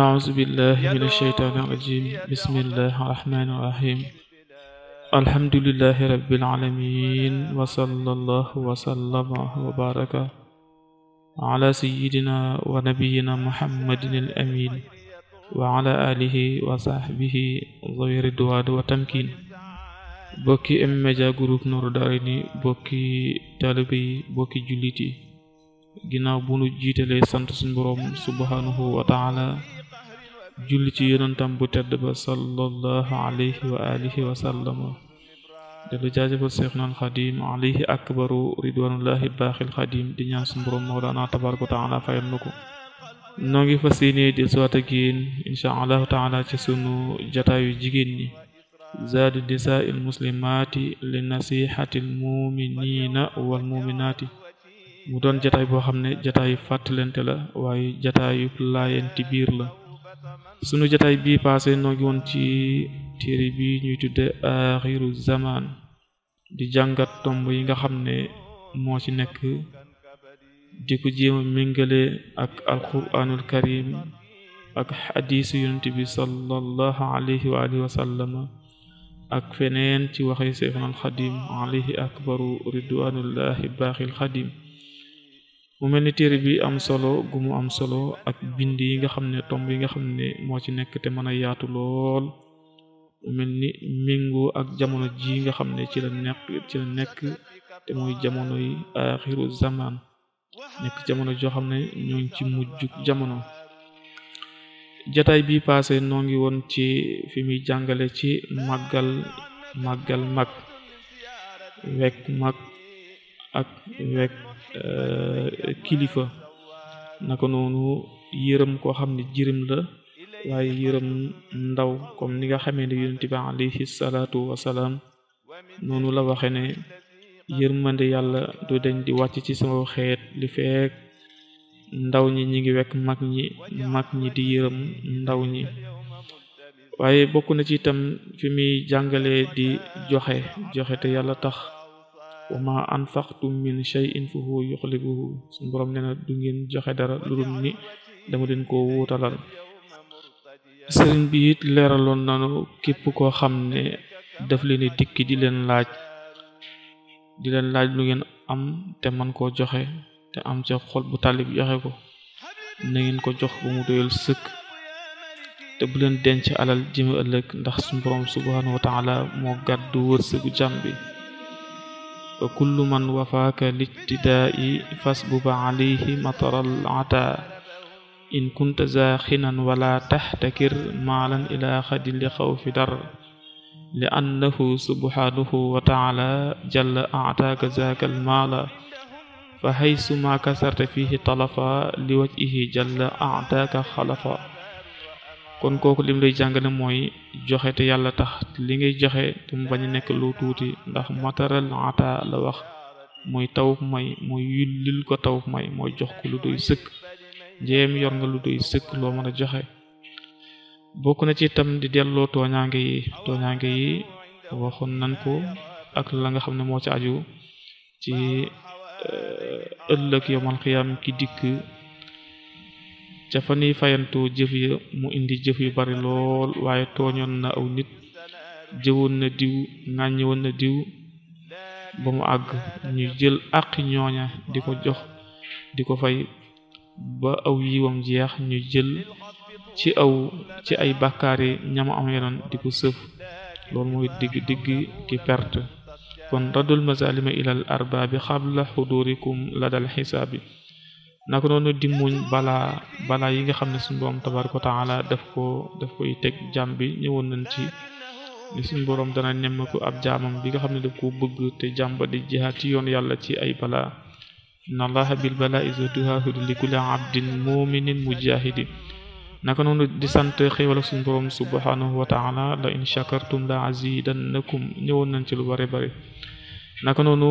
أعوذ بالله من الشيطان الرجيم بسم الله الرحمن الرحيم الحمد لله رب العالمين وصلى الله وسلم وبارك على سيدنا ونبينا محمد الأمين وعلى آله وصحبه ذوي الرضوان والتمكين bokki M-Media Group Nourou Darayni bokki taalibe yi bokki jullit yi ginnaaw bu nu jiitalee sant suñu boroom subhaanahu wa taala julli ci yonentam bu tedd ba sallallahu alayhi wa alihi wa sallama dellu jaajëfal Seexna al Xadim akbaru ridwanullahi baaxil Xadim di ñaan suñu borom Mawlana wa taala fayal na ko noo ngi fas yéene di insha allahu taala ci sunu jataayu jigéen ñi nisaa il li nasihati l muminina wal mu doon jataay boo xam ne jataayu fàttalente la waaye jataayu laayenti biir la sunu jotaay bii paase noo ngi ci téere bi ñuy tudde axiru euh, zamaan di jàngat tomb yi nga xam ne moo ci nekk di ko jéem a méngale ak alquranul karim ak xadiisu yonent bi alayhi wa alihi wa sallama ak feneen ci waxi seyxunal xadim alayhi akbaru ridwanullahi baaxil xadim mu mel ni téere bi am solo gu mu am solo ak bind yi nga xam ne tomb yi nga xam ne moo ci nekk te mën a yaatu lool mu mel ni méngoo ak jamono ji nga xam ne ci la nekk ci te mooy jamono yi axiru zaman nekk jamono joo xam ne ñoo ngi ci mujjug jamono jataay bi passé noo woon ci fi muy jàngale ci màggal màggal mag wekk mag ak wekk euh, kilifa naka noonu yërëm koo xam ne jirim la waaye yërëm ndaw comme ni nga xamee ne yonent bi alayhi salaatu wasalaam noonu la waxe ne yërmande yàlla du deñ di wàcc ci sama xeet li fekk ndaw ñi ñi ngi wekk mag ñi mag ñi di yërëm ndaw ñi waaye bokk na ci itam fi muy jàngale di joxe joxe te yàlla tax wa ma anfaqtum min shay'in fa huwa yukhlifuhu suñu borom nee na du ngeen joxe dara lu dul ni dama leen ko wutalal sëriñ bi it leeraloon nanu képp koo xam ne daf leen dikki di leen laaj di leen laaj lu ngeen am te man koo joxe te am ca xol bu tàllib joxe ko na ngeen ko jox ba mu doyal sëkk te bu leen denc alal jëme ëllëg ndax suñu borom subhanahu wa taala moo gàddu wërsëgu jàmm bi wa kullu man wafaaka littidaa'i fasbuba alayhi mataral ataa in kunta za xinan wala taxtakir maalan ilaa xadi li xawfi dar li annahu subhaanahu wa taala jalla ataaka zaaka almaala fa haysu ma kasarte fihi talafa li wajhihi jalla ataaka xalafa kon kooku lim lay na mooy joxe te yàlla tax li ngay joxe te mu bañ a nekk lu tuuti ndax mataral ata la wax muy taw may muy yullil ko taw may mooy jox ko lu doy sëkk jéem yor nga lu doy sëkk loo mën a joxe bokk na ci itam di delloo tooñaange yi tooñaange yi waxoon nan ko ak la nga xam ne moo ci aju ci euh, ëllëg yomal xiyam ki dikk ca fa nuy fayantoo jëf ya mu indi jëf yu bari lool waaye tooñoon na aw nit jëwoon na diw ŋàññewoon na diw ba mu àgg ñu jël àqi ñooña di ko jox di ko fay ba aw yiwam jeex ñu jël ci aw ci ay bàkkaari ñama am noon di ko sëf loolu mooy digg digg ki perte kon raddul mazalima ilal arbaabi xabla xudurikum ladal xisaabi naka noonu di bala balaa yi nga xam ne suñu borom tabaraka wa taala def ko def koy teg jàmm bi ñëwoon nañ ci ni suñu borom dana nemmeeku ab jaamam bi nga xam ne daf ko bëgg te jàmm di jihaat ci yoon yàlla ci ay balaa inna allaha bil balaa isatuhahudu li kulli abdin muminin mujahidin naka noonu di sant xéewal ak suñu borom subhanahu wa taala la in shakartum la azidannakum ñëwoon nañ ci lu bare bare naka noonu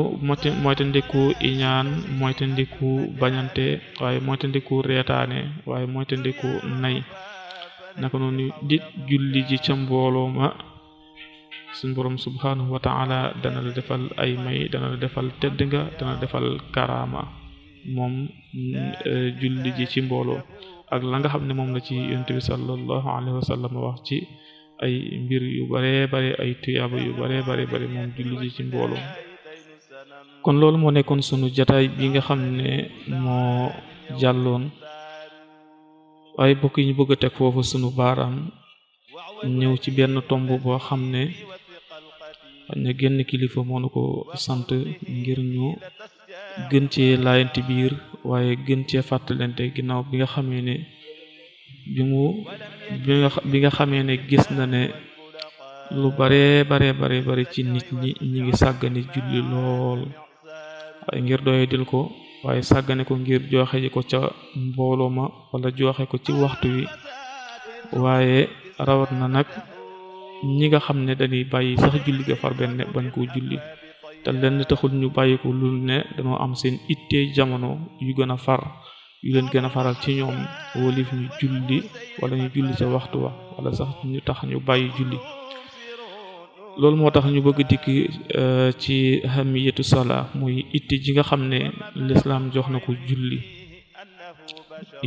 moytandiku iñaan moytandiku bañante waaye moytandiku reetaane waaye moytandiku nay naka noonu di ca mbooloo ma suñ boroom subhanahu wa taala dana la defal ay may dana la defal tedd nga dana defal karama moom eh, julli ji ci mbooloo ak la nga xam ne moom la ci yonent bi sallallahu alayhi wa wax ci ay mbir yu bare bare ay tuyaaba yu bare bare bare moom julli ji ci mbooloo kon loolu moo nekkoon sunu jataay bi nga xam ne moo jàlloon waaye bokk yi ñu bëgg a teg foofu sunu baaraam ñëw ci benn tomb boo xam ne ñu génn kilifa moo nu ko sant ngir ñu gën cee laayante biir waaye gën cee fàttalante ginnaaw bi nga xamee ne bi mu nga bi nga xamee ne gis na ne lu bare bare bare bare ci nit ñi ñi ngi sàggane julli lool ngir doyadil ko waaye sàggane ko ngir joxe ji ko ca mbooloo ma wala joxe ko ci waxtu wi waaye rawat na nag ñi nga xam ne dañuy bàyyi sax julli ga far benn bañ koo julli te lenn taxul ñu bàyyi ko lu ne dañoo am seen ittee jamono yu gën a far yu leen gën a faral ci ñoom wolif ñu julli wala ñu julli ca waxtu wa wala sax ñu tax ñu bàyyi julli loolu moo tax ñu bëgg dikk euh, ci hamiyatu salaa muy itti ji nga xam ne lislaam jox na ko julli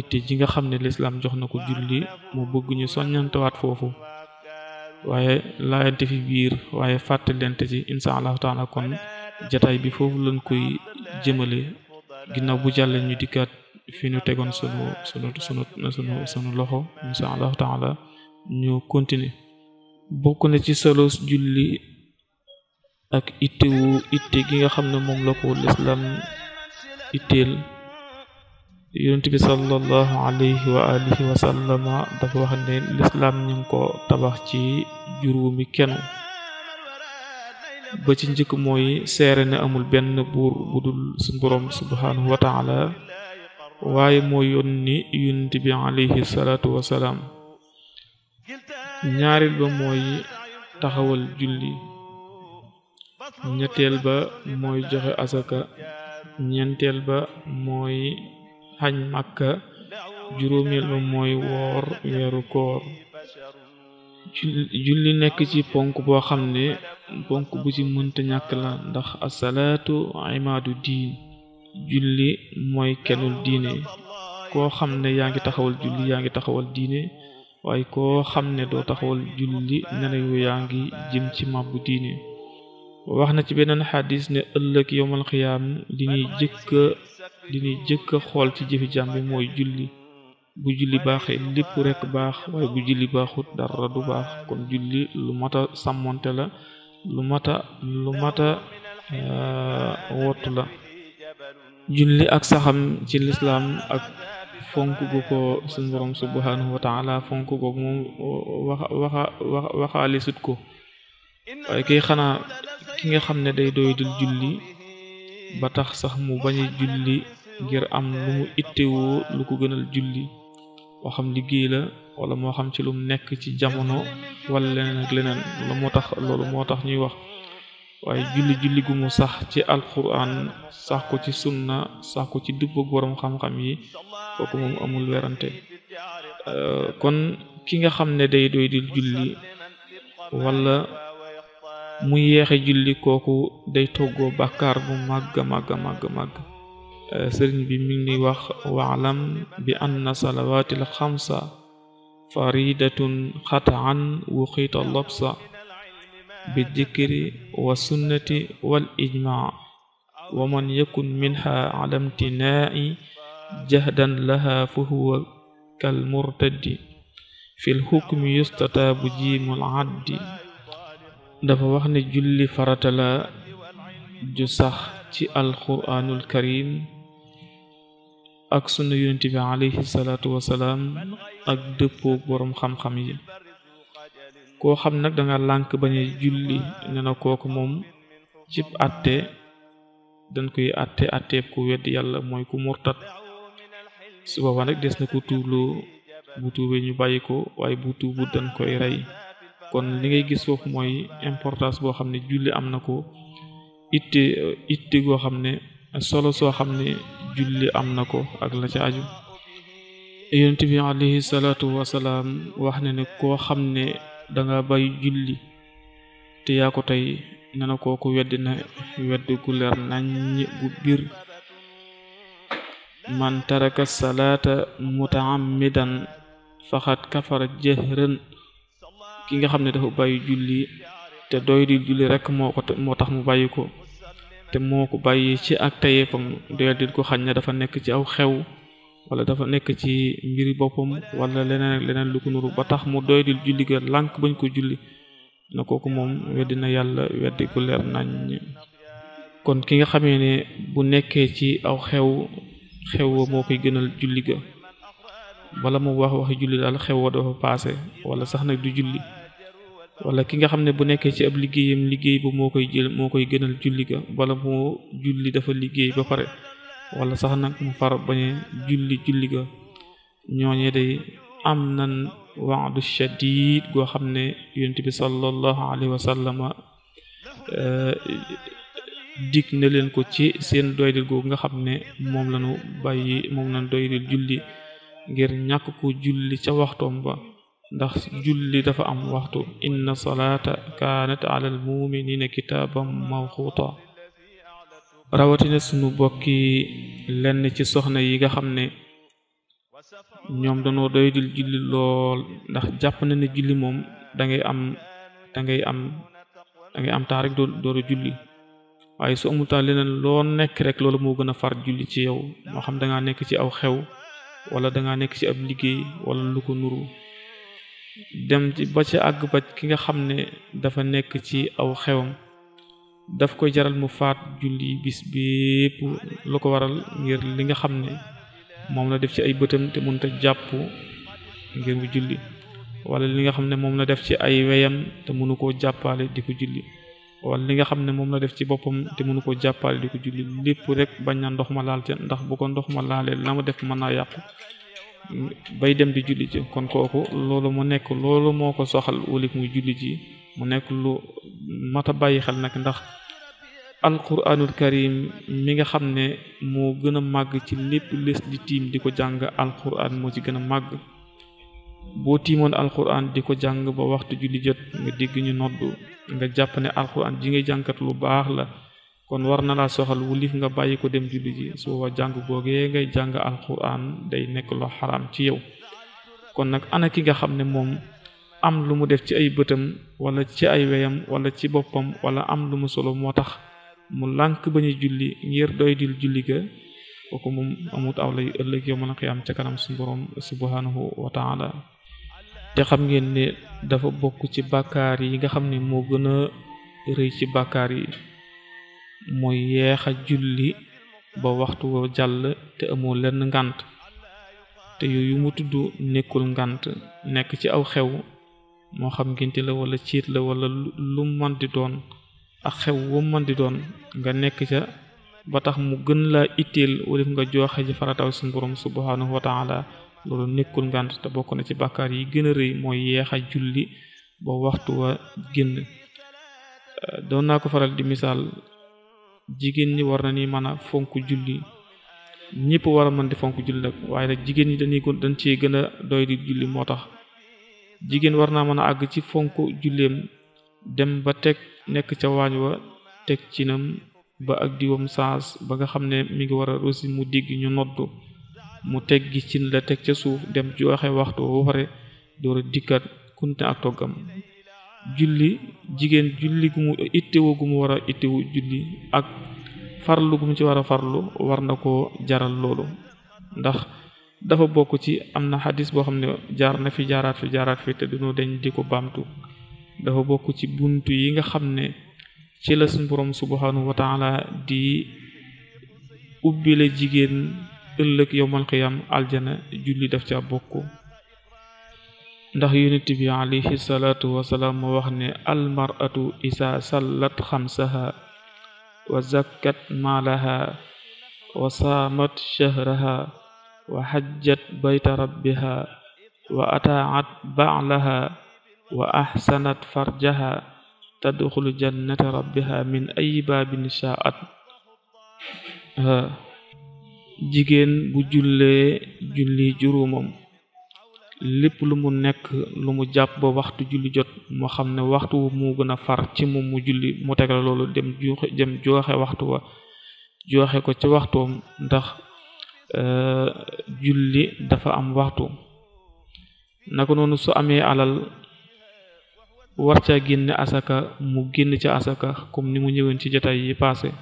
itti ji nga xam ne lislaam jox na ko julli mu bëgg ñu soññantewaat foofu waaye laayante fi biir waaye fàttalente ci insha allahu taala kon jataay bi foofu lañ koy jëmale ginnaaw bu jàlle ñu dikkaat fi ñu tegoon sunu sunu sunu sunu loxo insha allahu taala ñu continuer bokk na ci solo julli ak ittewu itte gi nga xam ne moom la ko lislaam itteel yonent bi sallallahu alayhi wa alihi wa sallama dafa wax ne lislaam ñu ngi ko tabax ci juróomi kenn ba ci njëkk mooy seere ne amul benn buur bu dul suñu boroom subhaanahu wa taala waaye moo yónni yonent bi alayhi salaatu wa salaam ñaareel ba mooy taxawal julli ñetteel ba mooy joxe asaka ñeenteel ba mooy xaj màkka juróomeel ba mooy woor weeru koor julli nekk ci ponk boo xam ne ponk bu ci mënta ñàkk la ndax asalaatu imaadu diin julli mooy kenul diine koo xam ne yaa ngi taxawal julli yaa ngi taxawal diine waaye koo xam ne doo taxawal julli nelaw yaa ngi jëm ci màbbu diine wax na ci beneen xadis ne ëllëg yowmal xiyaam li ñuy jëkk xool ci jëfi jàmbi mooy julli bu julli baaxee lépp rekk baax waaye bu julli baaxut dara du baax kon julli lu mat a sàmmonte la lu mat a lu mat euh, wottu la julli ak saxam ci lislaam ak fonk gu ko suñ borom subhanahu wa taala fonk googu moom waxa waxa wax waxaale sut ko waaye kay xanaa ki nga xam ne day doydul julli ba tax sax mu bañ a julli ngir am lu mu ittewoo lu ko gënal julli o xam liggéey la wala moo xam ci lu nekk ci jamono wala leneen ak leneen loolu moo tax loolu moo tax ñuy wax waaye julli julli gu mu sax ci alquran sax ko ci sunna sax ko ci dubbug boroom xam-xam yi kooku moom amul werante euh, kon ki nga xam ne day doy di julli wala mu yeexe julli kooku day toggoo bàkkaar bu màgg màgg màgg màgg euh, sëriñ bi mu ngi wax waalam bi anna salawaatil xamsa faridatun xataan wuxiita lobsa biddikri wassunnati wal ijmaa wa man yakun minha ala imtinaa'i jahdan laha fa huwa kal murtaddi fil hukmi yustataabu jiimul addi dafa wax ne julli farata la ju sax ci alquraanul karim ak sunna yonent bi alayhi salaatu wasalaam ak dëppoo boroom xam-xam yi koo xam nag danga lànk bañ a julli ne na kooku moom cib àtte dan koy àtte àtteeb ku wedd yàlla mooy ku murtat su boobaa nag des na ko tuubloo bu tuubee ñu bàyyi ko waaye bu tuubu dañ koy rey kon li ngay gis foofu mooy importance boo xam ne julli am na ko itte itte goo xam ne solo soo xam ne julli am na ko ak la ca aju yonent bi alayhi salaatu wasalaam wax ne ne koo xam ne danga bàyyi julli te yaa ko tey nee na kooku weddi na wedd gu leer naññ gu bir man taraka salaata mutaammidan faxat kafara jëhrën ki nga xam ne dafa bàyyi julli te doy di julli rekk moo tax mu bàyyi ko te moo ko bàyyi ci ak tayefam doyal di ko xañ na dafa nekk ci aw xew wala dafa nekk ci mbir boppam wala leneen ak leneen lu ko nuru ba tax mu doy di julli ga lànk bañ ko julli na kooku moom weddi na yàlla weddi ku leer kon ki nga xamee ne bu nekkee ci aw xew xew wa moo koy gënal julli ga wala mu wax waxi julli daal xew wa dafa paase wala sax nag du julli wala ki nga xam ne bu nekkee ci ab liggéeyam liggéey ba moo koy jël moo koy gënal julli ga wala moo julli dafa liggéey ba pare wala sax nag mu far bañe julli julli ga ñooñee day am nan wa'du shadid goo xam ne yonent bi sallallahu alayhi wa sallama eh, dig na leen ko ci seen doydil googu nga xam ne moom lañu bàyyi moom lañu doydil julli ngir ñàkk ko julli ca waxtoom ba ndax julli dafa am waxtu inna salaata kaanat ala al muminina kitaaban mawquta rawatina sunu bokki lenn ci soxna yi nga xam ne ñoom dañoo doy dil julli lool ndax jàpp na ne julli moom da ngay am dangay am da ngay am tax rek doo dooru julli waaye su amul leneen loo nekk rek loolu moo gën a far julli ci yow moo xam da nekk ci aw xew wala da ngaa nekk ci ab liggéey wala lu ko nuru dem ci ba ci àgg ba ki nga xam ne dafa nekk ci aw xewam daf koy jaral mu faat julli bis bépp lu ko waral ngir li nga xam ne moom la def ci ay bëtam te mënut jàpp ngir mu julli li nga xam ne moom la def ci ay weyam te mënu koo jàppale di ko julli wala li nga xam ne moom la def ci boppam te mënu koo jàppaale di ko julli lépp rek bañ na ndox ma laal ca ndax bu ko ndox ma laalee la ma def mën naa yàqu bay dem di julli ji kon kooku loolu mu nekk loolu moo ko soxal wala muy julli ji mu nekk lu mata bàyyi xel nag ndax alquranul karim mi nga xam ne moo gën a màgg ci lépp les di tiim di ko jàng alquran moo ci gën a màgg boo tiimoon alquran di ko jàng ba waxtu julli jot nga dégg ñu noddu nga jàpp ne alquran ji ngay jànkat lu baax la kon war na laa soxal wulif nga bàyyi ko dem julli ji soo boobaa jàng boogee ngay jàng alquran day nekk loo xaraam ci yow kon nag ana ki nga xam ne moom am lu mu def ci ay bëtam walla ci ay weyam walla ci boppam wala am lu mu solo moo tax mu lànk ba ñu julli ngir doy dil julli ga kooku moom amut aw lay ëllëg yow na a xiyaam ca kanam su borom subhanahu wa taala te xam ngeen ne dafa bokk ci bàkkaar yi nga xam ne moo gën a rëy ci bàkkaar yi mooy yeex a julli ba waxtu wa jàll te amoo lenn ngànt te yooyu mu tudd nekkul ngànt nekk ci aw xew moo xam ngénte la wala ciit la wala lu mën di doon ak xew wu mën di doon nga nekk ca ba tax mu gën laa itteel walif nga joxe ji farataw su borom subhanahu wa taala loolu nekkul ngànt te bokk na ci bàkkaar yi gën a rëy mooy yeex a julli ba waxtu wa génn euh, doon naa ko faral di misaal jigéen ñi war na ni mën a fonk julli ñëpp war a mën di fonk julli nag waaye nag jigéen ñi dañuy dañ ci gën a julli moo tax jigéen war naa mën a àgg ci fonk julleem dem ba teg nekk ca waañ wa teg cinam ba ak diwam saas ba nga xam ne mi ngi war a rosi mu digg ñu noddu mu teg gi cin la teg ca suuf dem joxe waxtu ba pare door dikkat kunte ak toggam julli jigéen julli gu mu ittewoo gu mu war a julli ak farlu gu ci war a farlu war na koo jaral loolu ndax dafa bokk ci am na xadis boo xam ne jaar na fi jaaraat fi jaaraat fi te duñu dañ di ko baamtu dafa bokk ci bunt yi nga xam ne ci la suñu borom subhanahu wa taala di ubbile jigéen ëllëg yowmal qiyam aljana julli daf ca bokk ndax yonent bi alayhi salaatu wasalaam moo wax ne almaratu isa sallat xamsaha wa zakkat maalaha wa saamat shahraha wa xajjat bayta rabbiha wa ataacat baclaha wa axsanat farjaha tadxulu jannata rabbiha min ayi baabin shaa'at jigéen bu jullee julli juróomam lépp lu mu nekk lu mu jàpp ba waxtu julli jot moo xam ne waxtu wu mu gën far ci moom mu julli mu tegal dem joxe waxtu wa joxe ko ci waxtoom ndax Euh, julli dafa am waxtu naka noonu su amee alal war ca génne asaka mu génn ca asaka comme ni mu ñëween ci jotaay yi passé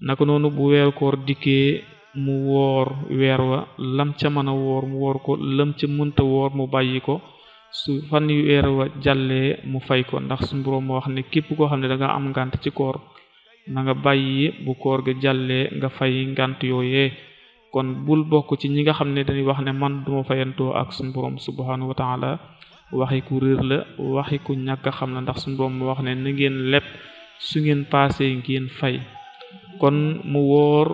naka noonu bu weeru koor dikkee mu woor weer wa lam ca mën a woor mu woor ko lam ca mënta woor mu bàyyi ko su fan weer wa jàllee mu fay ko ndax suñu boroom moo wax ne képp koo xam ne danga am ngànt ci koor na nga bàyyi bu koor ga jàllee nga fay ngànt yooyee kon bul bokk ci ñi nga xam ne dañuy wax ne man duma fayantoo ak suñu su subhanahu wa taala waxi ku réer la waxi ku ñàkk xam na ndax suñu borom mu wax ne na ngeen leb su ngeen paase ngeen fay kon mu woor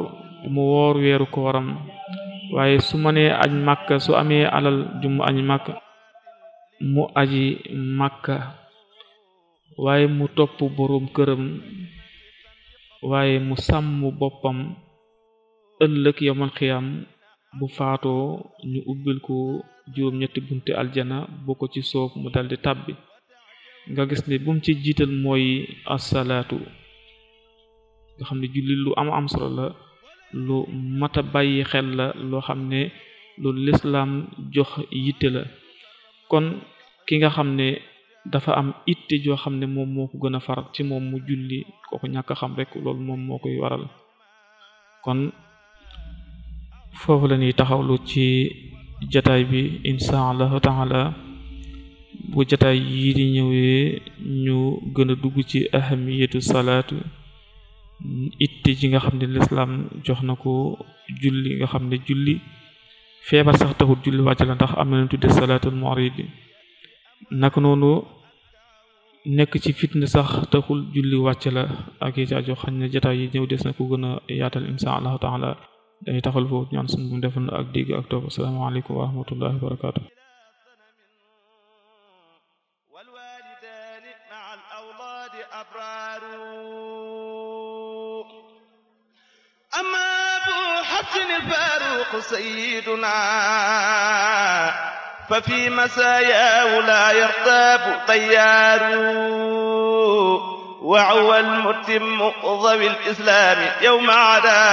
mu woor weeru kooram waaye su mënee aj makk su amee alal ju mu aj màkka mu aji màkka waaye mu topp boroom këram waaye mu sàmm boppam ëllëg yowmal xiyaam bu faatoo ñu ubbil ko juróom ñetti bunti aljana boo ko ci soob mu daldi tàbbi nga gis ne bum ci jiital mooy asalaatu nga xam ne julli lu am am solo la lu mat a bàyyi xel la loo xam ne lu lislaam jox yitte la kon ki nga xam ne dafa am itte joo xam ne moom moo ko gën a far ci moom mu julli kooku ñàkk xam rek loolu moom moo koy waral kon foofu la ñuy taxawlu ci jataay bi insha allahu taala bu jataay yii di ñëwee ñu gën a dugg ci ahamiyatu salaatu itte ji nga xam ne lislaam jox na ko julli nga xam ne julli feebar sax taxul julli wàcc la ndax am na tudde salaatul murid naka noonu nekk ci fitna sax taxul julli wàcc la ak yi ci aju xañ na jataay yi ñëw des na ko gën a yaatal insha allahu taala dañuy taxal foofu ñaan suñu bu defal ak digg ak topp asalaamaaleykum wa rahmatullahi wa barakaatu سيدنا ففي مساياه لا يرتاب طيار وعوى الملك وذم ذوي الإسلام يوم عدا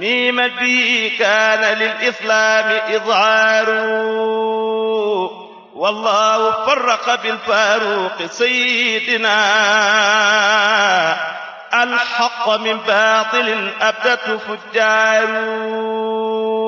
ميم بي كان للإسلام إظهار والله فرق بالفاروق سيدنا الحق من باطل أبدته فجار